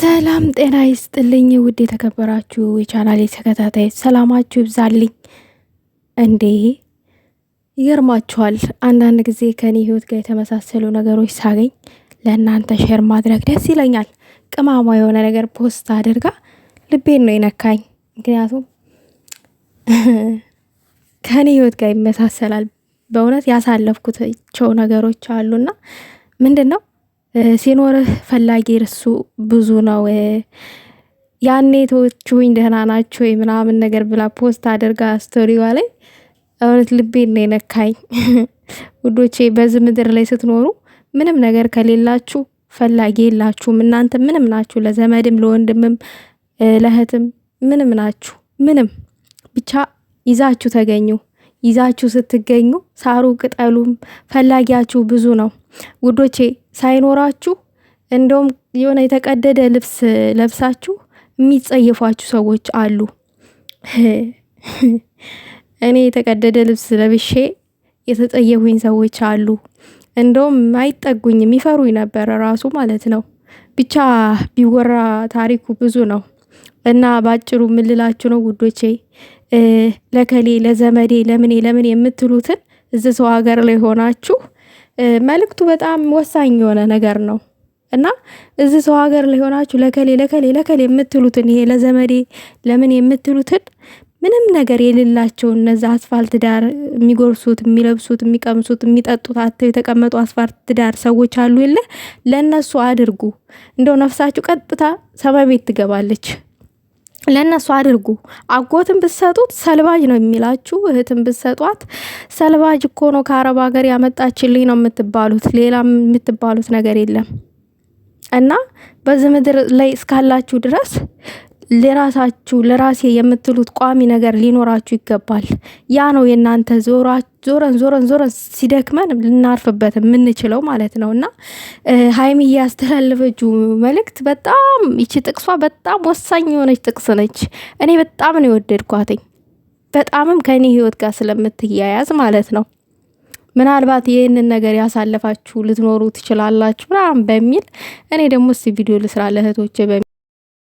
ሰላም ጤና ይስጥልኝ። ውድ የተከበራችሁ የቻናል ተከታታይ ሰላማችሁ ይብዛልኝ። እንዴ ይገርማችኋል፣ አንዳንድ ጊዜ ከኔ ህይወት ጋር የተመሳሰሉ ነገሮች ሳገኝ ለእናንተ ሼር ማድረግ ደስ ይለኛል። ቅማማ የሆነ ነገር ፖስት አድርጋ ልቤን ነው የነካኝ። ምክንያቱም ከኔ ህይወት ጋር ይመሳሰላል። በእውነት ያሳለፍኩቸው ነገሮች አሉና ምንድን ነው ሲኖርህ ፈላጊ እርሱ ብዙ ነው። ያኔ ተወችሁኝ ደህና ናቸው ምናምን ነገር ብላ ፖስት አድርጋ ስቶሪዋ ላይ እውነት ልቤ ነው የነካኝ። ውዶቼ በዚህ ምድር ላይ ስትኖሩ ምንም ነገር ከሌላችሁ ፈላጊ የላችሁም። እናንተ ምንም ናችሁ፣ ለዘመድም፣ ለወንድምም፣ ለእህትም ምንም ናችሁ። ምንም ብቻ ይዛችሁ ተገኙ። ይዛችሁ ስትገኙ ሳሩ ቅጠሉም ፈላጊያችሁ ብዙ ነው ውዶቼ። ሳይኖራችሁ እንደውም የሆነ የተቀደደ ልብስ ለብሳችሁ የሚጸየፏችሁ ሰዎች አሉ። እኔ የተቀደደ ልብስ ለብሼ የተጸየፉኝ ሰዎች አሉ። እንደውም አይጠጉኝ የሚፈሩኝ ነበረ ራሱ ማለት ነው። ብቻ ቢወራ ታሪኩ ብዙ ነው እና ባጭሩ ምልላችሁ ነው ውዶቼ ለከሌ ለዘመዴ ለምኔ ለምን የምትሉትን እዚህ ሰው ሀገር ላይ ሆናችሁ መልእክቱ በጣም ወሳኝ የሆነ ነገር ነው እና እዚህ ሰው ሀገር ላይ ሆናችሁ ለከሌ ለከሌ ለከሌ የምትሉትን ይሄ ለዘመዴ ለምን የምትሉትን ምንም ነገር የሌላቸው እነዚ አስፋልት ዳር የሚጎርሱት የሚለብሱት የሚቀምሱት የሚጠጡት አተው የተቀመጡ አስፋልት ዳር ሰዎች አሉ የለ ለእነሱ አድርጉ። እንደው ነፍሳችሁ ቀጥታ ሰማይ ቤት ትገባለች። ለእነሱ አድርጉ። አጎትን ብትሰጡት ሰልባጅ ነው የሚላችሁ። እህትን ብትሰጧት ሰልባጅ እኮ ነው ከአረብ ሀገር ያመጣችልኝ ነው የምትባሉት። ሌላ የምትባሉት ነገር የለም እና በዚህ ምድር ላይ እስካላችሁ ድረስ ለራሳችሁ ለራሴ የምትሉት ቋሚ ነገር ሊኖራችሁ ይገባል። ያ ነው የእናንተ ዞረን ዞረን ዞረን ሲደክመን ልናርፍበት የምንችለው ማለት ነው። እና ሀይሚ እያስተላለፈች መልእክት በጣም ይቺ ጥቅሷ በጣም ወሳኝ የሆነች ጥቅስ ነች። እኔ በጣም ነው የወደድኳትኝ በጣምም ከእኔ ህይወት ጋር ስለምትያያዝ ማለት ነው። ምናልባት ይህንን ነገር ያሳለፋችሁ ልትኖሩ ትችላላችሁ ምናምን በሚል እኔ ደግሞ ስ ቪዲዮ ልስራ ለእህቶቼ በሚል